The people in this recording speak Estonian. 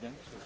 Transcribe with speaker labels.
Speaker 1: présidente